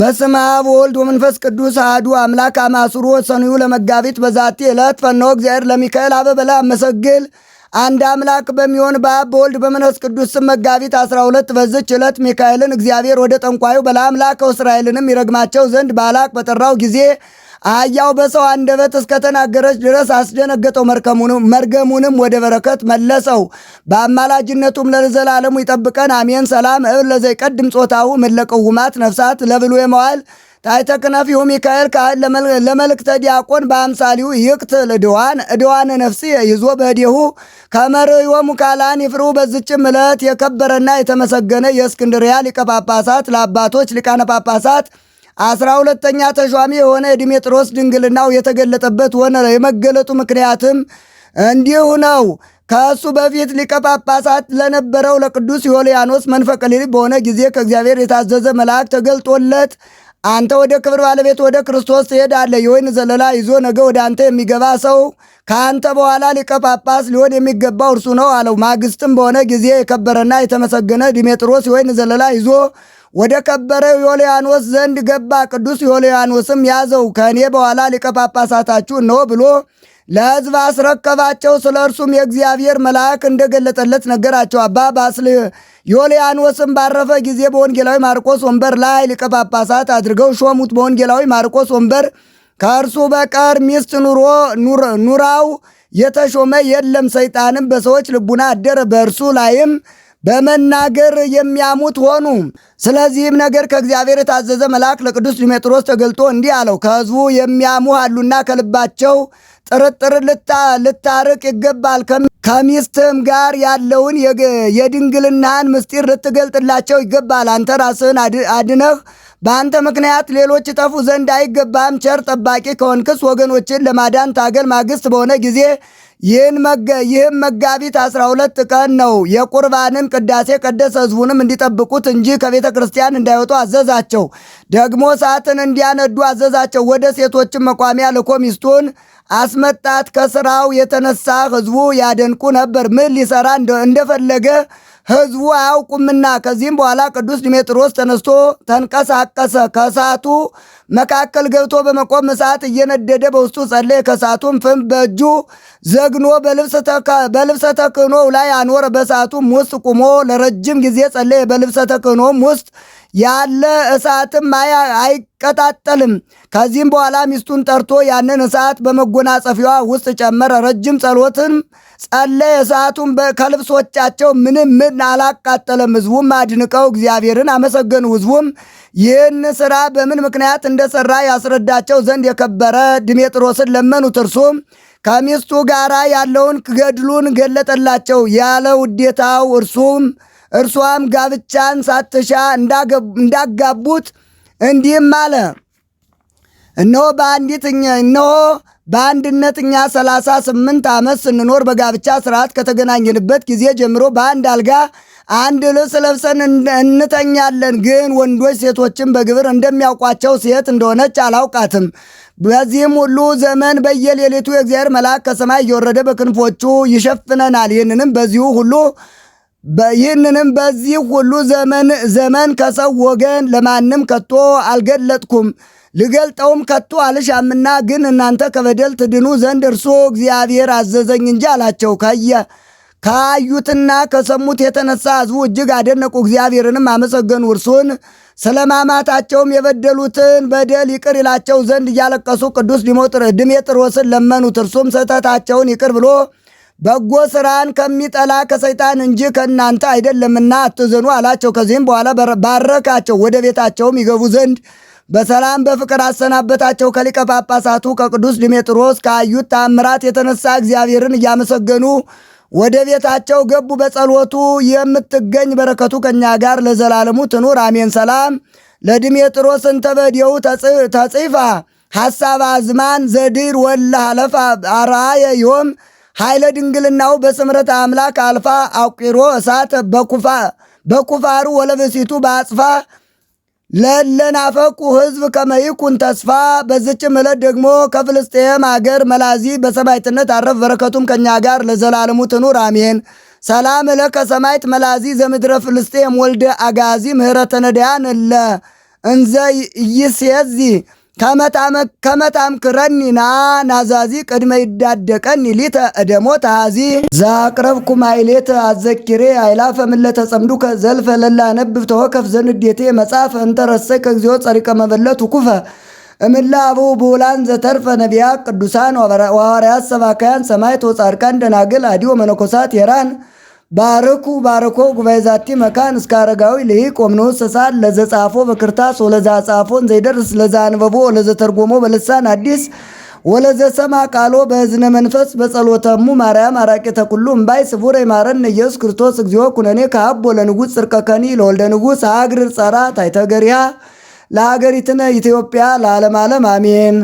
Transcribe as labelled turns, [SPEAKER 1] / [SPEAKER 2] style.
[SPEAKER 1] በስመ አብ ወልድ ወመንፈስ ቅዱስ አሐዱ አምላክ አማስሩ ወሰኑዩ ለመጋቢት በዛቲ ዕለት ፈነወ እግዚአብሔር ለሚካኤል አበበላ መሰግል አንድ አምላክ በሚሆን በአብ በወልድ በመንፈስ ቅዱስ ስም መጋቢት 12 በዝች ዕለት ሚካኤልን እግዚአብሔር ወደ ጠንቋዩ በለዓም ላከው፣ እስራኤልንም ይረግማቸው ዘንድ ባላቅ በጠራው ጊዜ አህያው በሰው አንደበት እስከተናገረች ድረስ አስደነገጠው፣ መርገሙንም ወደ በረከት መለሰው። በአማላጅነቱም ለዘላለሙ ይጠብቀን አሜን። ሰላም እብል ለዘይቀድም ጾታሁ ምለቀው ሁማት ነፍሳት ለብሉ የመዋል ታይተ ክነፊሁ ሚካኤል ካህል ለመልእክተ ዲያቆን በአምሳሊሁ ይቅትል እድዋን ዕድዋን ነፍሲ ይዞ በዲሁ ከመርዮሙ ካላን ይፍሩ። በዝጭም ዕለት የከበረና የተመሰገነ የእስክንድርያ ሊቀ ጳጳሳት ለአባቶች ሊቃነ ጳጳሳት አስራ ሁለተኛ ተሿሚ የሆነ ዲሜጥሮስ ድንግልናው የተገለጠበት ሆነ። የመገለጡ ምክንያትም እንዲሁ ነው። ከእሱ በፊት ሊቀ ጳጳሳት ለነበረው ለቅዱስ ዮልያኖስ መንፈቀ ሌሊት በሆነ ጊዜ ከእግዚአብሔር የታዘዘ መልአክ ተገልጦለት አንተ ወደ ክብር ባለቤት ወደ ክርስቶስ ትሄዳለህ። የወይን ዘለላ ይዞ ነገ ወደ አንተ የሚገባ ሰው ከአንተ በኋላ ሊቀ ጳጳስ ሊሆን የሚገባው እርሱ ነው አለው። ማግስትም በሆነ ጊዜ የከበረና የተመሰገነ ዲሜጥሮስ የወይን ዘለላ ይዞ ወደ ከበረው ዮልያኖስ ዘንድ ገባ። ቅዱስ ዮልያኖስም ያዘው፣ ከእኔ በኋላ ሊቀ ጳጳሳታችሁ ነው ብሎ ለሕዝብ አስረከባቸው። ስለ እርሱም የእግዚአብሔር መልአክ እንደገለጠለት ነገራቸው። አባ ባስል ዮልያኖስም ባረፈ ጊዜ በወንጌላዊ ማርቆስ ወንበር ላይ ሊቀ ጳጳሳት አድርገው ሾሙት። በወንጌላዊ ማርቆስ ወንበር ከእርሱ በቀር ሚስት ኑሮ ኑራው የተሾመ የለም። ሰይጣንም በሰዎች ልቡና አደረ፣ በእርሱ ላይም በመናገር የሚያሙት ሆኑ። ስለዚህም ነገር ከእግዚአብሔር የታዘዘ መልአክ ለቅዱስ ዲሜጥሮስ ተገልጦ እንዲህ አለው፣ ከሕዝቡ የሚያሙ አሉና ከልባቸው ጥርጥር ልታርቅ ይገባል። ከሚስትም ጋር ያለውን የድንግልናን ምስጢር ልትገልጥላቸው ይገባል። አንተ ራስህን አድነህ በአንተ ምክንያት ሌሎች ጠፉ ዘንድ አይገባም። ቸር ጠባቂ ከሆንክስ ወገኖችን ለማዳን ታገል። ማግስት በሆነ ጊዜ ይህም መጋቢት 12 ቀን ነው። የቁርባንን ቅዳሴ ቀደሰ። ህዝቡንም እንዲጠብቁት እንጂ ከቤተ ክርስቲያን እንዳይወጡ አዘዛቸው። ደግሞ ሰዓትን እንዲያነዱ አዘዛቸው። ወደ ሴቶችን መቋሚያ ልኮ ሚስቱን አስመጣት። ከስራው የተነሳ ህዝቡ ያደንቁ ነበር ምን ሊሰራ እንደፈለገ ሕዝቡ አያውቁምና። ከዚህም በኋላ ቅዱስ ድሜጥሮስ ተነስቶ ተንቀሳቀሰ። ከእሳቱ መካከል ገብቶ በመቆም እሳት እየነደደ በውስጡ ጸለየ። ከእሳቱም ፍም በእጁ ዘግኖ በልብሰ ተክህኖው ላይ አኖረ። በእሳቱም ውስጥ ቁሞ ለረጅም ጊዜ ጸለየ። በልብሰ ተክህኖም ውስጥ ያለ እሳትም አይቀጣጠልም። ከዚህም በኋላ ሚስቱን ጠርቶ ያንን እሳት በመጎናጸፊዋ ውስጥ ጨመረ። ረጅም ጸሎትም ጸለየ። እሳቱን ከልብሶቻቸው ምንም ምን አላቃጠለም። ሕዝቡም አድንቀው እግዚአብሔርን አመሰገኑ። ሕዝቡም ይህን ስራ በምን ምክንያት እንደሰራ ያስረዳቸው ዘንድ የከበረ ድሜጥሮስን ለመኑት። እርሱም ከሚስቱ ጋራ ያለውን ገድሉን ገለጠላቸው ያለ ውዴታው እርሱም እርሷም ጋብቻን ሳትሻ እንዳጋቡት እንዲህም አለ፣ እነሆ በአንዲት እነሆ በአንድነት እኛ ሰላሳ ስምንት ዓመት ስንኖር በጋብቻ ስርዓት ከተገናኘንበት ጊዜ ጀምሮ በአንድ አልጋ አንድ ልብስ ለብሰን እንተኛለን። ግን ወንዶች ሴቶችን በግብር እንደሚያውቋቸው ሴት እንደሆነች አላውቃትም። በዚህም ሁሉ ዘመን በየሌሊቱ የእግዚአብሔር መልአክ ከሰማይ እየወረደ በክንፎቹ ይሸፍነናል። ይህንንም በዚሁ ሁሉ ይህንንም በዚህ ሁሉ ዘመን ዘመን ከሰው ወገን ለማንም ከቶ አልገለጥኩም ልገልጠውም ከቶ አልሻምና ግን እናንተ ከበደል ትድኑ ዘንድ እርሶ እግዚአብሔር አዘዘኝ እንጂ አላቸው። ከየ ካዩትና ከሰሙት የተነሳ ሕዝቡ እጅግ አደነቁ፣ እግዚአብሔርንም አመሰገኑ። እርሱን ስለማማታቸውም የበደሉትን በደል ይቅር ይላቸው ዘንድ እያለቀሱ ቅዱስ ድሜጥሮስን ለመኑት። እርሱም ስህተታቸውን ይቅር ብሎ በጎ ስራን ከሚጠላ ከሰይጣን እንጂ ከእናንተ አይደለምና አትዘኑ አላቸው። ከዚህም በኋላ ባረካቸው፣ ወደ ቤታቸውም ይገቡ ዘንድ በሰላም በፍቅር አሰናበታቸው። ከሊቀ ጳጳሳቱ ከቅዱስ ድሜጥሮስ ካዩት ታምራት የተነሳ እግዚአብሔርን እያመሰገኑ ወደ ቤታቸው ገቡ። በጸሎቱ የምትገኝ በረከቱ ከእኛ ጋር ለዘላለሙ ትኑር አሜን። ሰላም ለድሜጥሮስ እንተ በዲሁ ተጽፋ ሐሳብ አዝማን ዘድር ወላ አለፋ አራየ ዮም ኃይለ ድንግልናው በስምረት አምላክ አልፋ አቁሮ እሳት በኩፋ በኩፋሩ ወለበሲቱ በአጽፋ ለለናፈቁ ህዝብ ከመይኩን ተስፋ። በዝች ዕለት ደግሞ ከፍልስጤም አገር መላዚ በሰማይትነት አረፍ። በረከቱም ከእኛ ጋር ለዘላለሙ ትኑር አሜን። ሰላም ለከ ሰማዕት መላዚ ዘምድረ ፍልስጤም ወልደ አጋዚ ምህረተ ነዳያን እለ እንዘ ይሴዚ ከመጣም ክረኒና ናዛዚ ቅድመ ይዳደቀኒ ሊተ እደሞ ታዚ ዛቅረብኩ ማይሌት አዘኪሬ አይላፈ ምለተ ጸምዱከ ዘልፈ ለላ ነብብ ተወከፍ ዘንዴቴ መጽሐፍ እንተረሰከ እግዚኦ ጸሪቀ መበለቱ ኩፈ እምላ አቡ ቡላን ዘተርፈ ነቢያ ቅዱሳን ወሐዋርያት ሰባካያን ሰማይት ወጻድቃን ደናግል አዲዮ መነኮሳት የራን ባርኩ ባርኮ ጉባኤ ዛቲ መካን እስከ አረጋዊ ልሂቅ ወምኖስ ሰሳል ለዘ ጻፎ በክርታስ ወለዛ ጻፎን ዘይደርስ ለዛ አንበቦ ወለዘ ተርጎሞ በልሳን አዲስ ወለዘ ሰማ ቃሎ በእዝነ መንፈስ በጸሎተሙ ማርያም አራቂተ ተኩሉ እምባይ ስቡረ ይማረን ኢየሱስ ክርስቶስ እግዚኦ ኩነኔ ከአቦ ለንጉሥ ጽርቀከኒ ለወልደ ንጉሥ አግርር ጸራ ታይተገሪያ ለአገሪትነ ኢትዮጵያ ለዓለም ዓለም አሜን።